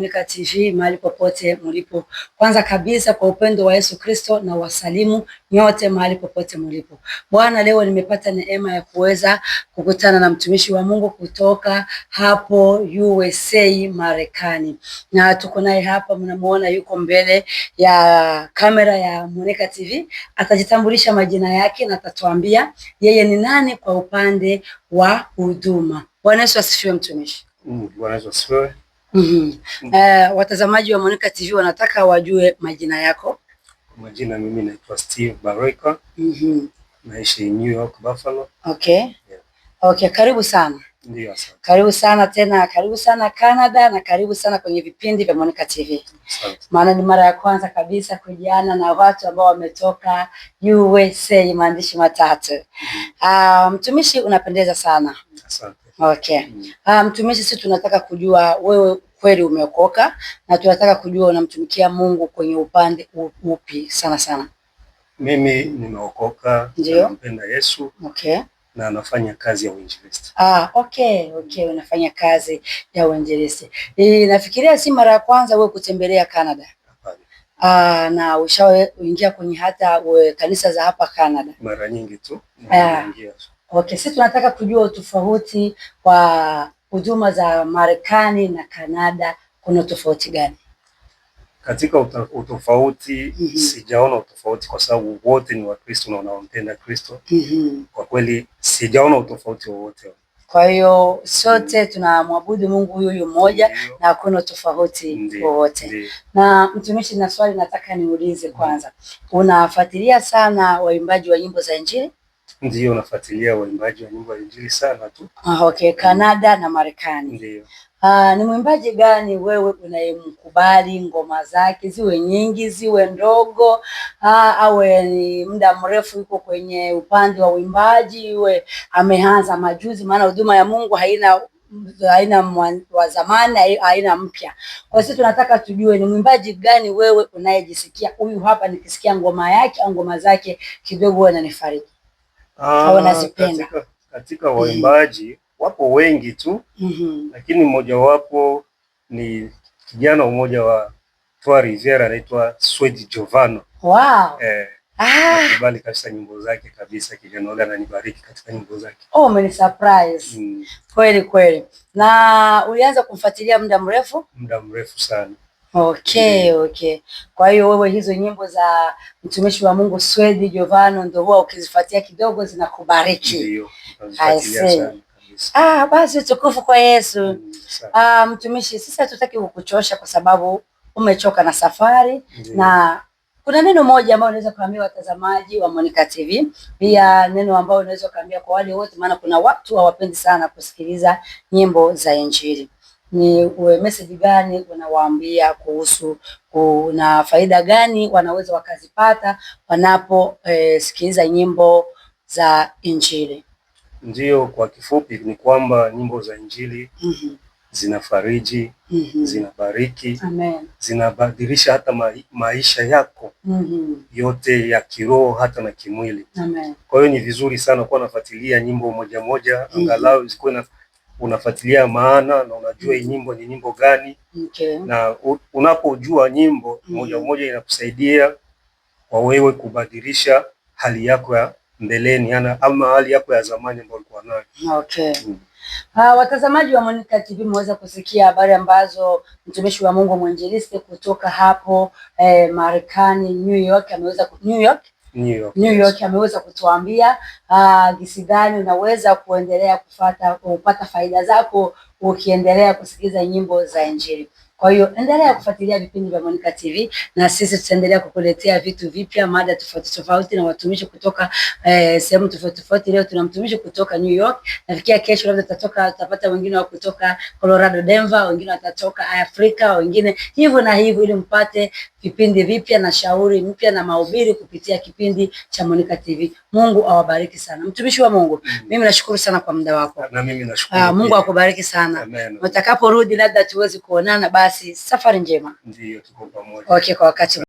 Mika TV mahali popote mlipo, kwanza kabisa kwa upendo wa Yesu Kristo na wasalimu nyote mahali popote mlipo. Bwana, leo nimepata neema ya kuweza kukutana na mtumishi wa Mungu kutoka hapo USA Marekani, na tuko naye hapa, mnamuona yuko mbele ya kamera ya Monika TV. Atajitambulisha majina yake na atatuambia yeye ni nani kwa upande wa huduma. Bwana Yesu asifiwe, mtumishi. Mm, Bwana Yesu asifiwe. Mm -hmm. Uh, watazamaji wa Monica TV wanataka wajue majina yako. Majina, mimi naitwa Steve Baroika. Mhm. Mm, naishi New York Buffalo. Okay. Yeah. Okay, karibu sana. Ndiyo, Karibu sana tena, karibu sana Canada na karibu sana kwenye vipindi vya Monica TV. Maana ni mara ya kwanza kabisa kujiana na watu ambao wametoka USA maandishi matatu. Mm-hmm. Ah, mtumishi, um, unapendeza sana. Asante. Okay. Mm. Ah, mtumishi, um, sisi tunataka kujua wewe kweli umeokoka na tunataka kujua unamtumikia Mungu kwenye upande upi sana sana. Mimi nimeokoka, nampenda Yesu. Okay na anafanya kazi ya uinjilisti. Ah, okay, okay, unafanya kazi ya uinjilisti. E, nafikiria si mara ya kwanza wewe kutembelea Canada. Ah, na ushaingia kwenye hata we, kanisa za hapa Canada mara nyingi tu. Aa, ah, okay, sisi tunataka kujua utofauti wa huduma za Marekani na Canada, kuna tofauti gani? Katika utofauti mm -hmm. Sijaona utofauti kwa sababu wote ni Wakristo na wanaompenda Kristo mm -hmm. Kwa kweli sijaona utofauti wowote. Kwa hiyo sote mhm. tunamwabudu Mungu huyu huyu mmoja na hakuna tofauti wowote. Na mtumishi, na swali nataka niulize mhm. kwanza, unafuatilia sana waimbaji wa nyimbo za Injili? Ndio, nafuatilia waimbaji wa nyimbo za Injili sana tu. Ah, okay. Kanada na Marekani. Ndio. Aa, ah, ni mwimbaji gani wewe unayemkubali ngoma zake ziwe nyingi ziwe ndogo, aa, ah, awe ni muda mrefu yuko kwenye upande wa uimbaji, iwe ameanza majuzi, maana huduma ya Mungu haina haina wa zamani haina mpya. Kwa sisi tunataka tujue ni mwimbaji gani wewe unayejisikia huyu hapa, nikisikia ngoma yake au ngoma zake kidogo wewe inanifariji ah, au unazipenda katika waimbaji wapo wengi tu mm -hmm. Lakini mmojawapo ni kijana mmoja wa Trois Riviere anaitwa Swedi Jovano. Wow. Eh, ah. Nakubali kabisa nyimbo zake kabisa, kijana yule ananibariki katika nyimbo zake. Oh, mimi surprise. Mm. Kweli kweli. Na ulianza kumfuatilia muda mrefu? Muda mrefu sana. Okay, yeah. Mm. Okay. Kwa hiyo wewe hizo nyimbo za mtumishi wa Mungu Swedi Jovano ndio huwa ukizifuatia kidogo zinakubariki. Ndio. I see. Ah, basi utukufu kwa Yesu. Mm, ah, mtumishi, sisi hatutaki kukuchosha kwa sababu umechoka na safari Ndiyo. na kuna neno moja ambalo unaweza kuambia watazamaji wa Monica TV, pia neno ambalo unaweza kuambia kwa wale wote, maana kuna watu hawapendi sana kusikiliza nyimbo za Injili. Ni message gani unawaambia kuhusu, kuna faida gani wanaweza wakazipata wanaposikiliza eh, nyimbo za Injili? ndio kwa kifupi ni kwamba nyimbo za Injili mm -hmm. zinafariji mm -hmm. zinabariki, zinabadilisha hata ma maisha yako mm -hmm. yote ya kiroho hata na kimwili. Kwa hiyo ni vizuri sana kuwa nafuatilia nyimbo moja moja, mhm. angalau mm -hmm. zikuwe unafuatilia maana na unajua hii mhm. nyimbo ni nyimbo gani okay. na unapojua nyimbo mm -hmm. moja mhm. moja inakusaidia kwa wewe kubadilisha hali yako ya mbeleni ana, ama hali yako ya zamani ambayo ulikuwa nayo. Okay. Mm. Uh, watazamaji wa Monica TV mmeweza kusikia habari ambazo mtumishi wa Mungu mwinjilisti kutoka hapo eh, Marekani New York ameweza New York New York, New York ameweza kutuambia ah, jinsi uh, gani unaweza kuendelea kufata, kupata faida zako ukiendelea kusikiza nyimbo za Injili. Kwa hiyo endelea kufuatilia vipindi vya Monica TV na sisi tutaendelea kukuletea vitu vipya, mada tofauti tofauti na watumishi kutoka eh, sehemu tofauti tofauti. Leo tuna mtumishi kutoka New York, nafikia kesho labda tutatoka tutapata wengine wa kutoka Colorado Denver, wengine watatoka Afrika, wengine hivyo na hivyo, ili mpate vipindi vipya na shauri mpya na mahubiri kupitia kipindi cha Monica TV. Mungu awabariki sana. Mtumishi wa Mungu, mm. mimi nashukuru sana kwa muda wako. Na mimi nashukuru. Aa, ah, Mungu akubariki sana. Utakaporudi labda tuweze kuonana basi. Safari njema. Ndiyo, tuko pamoja. Okay, kwa wakati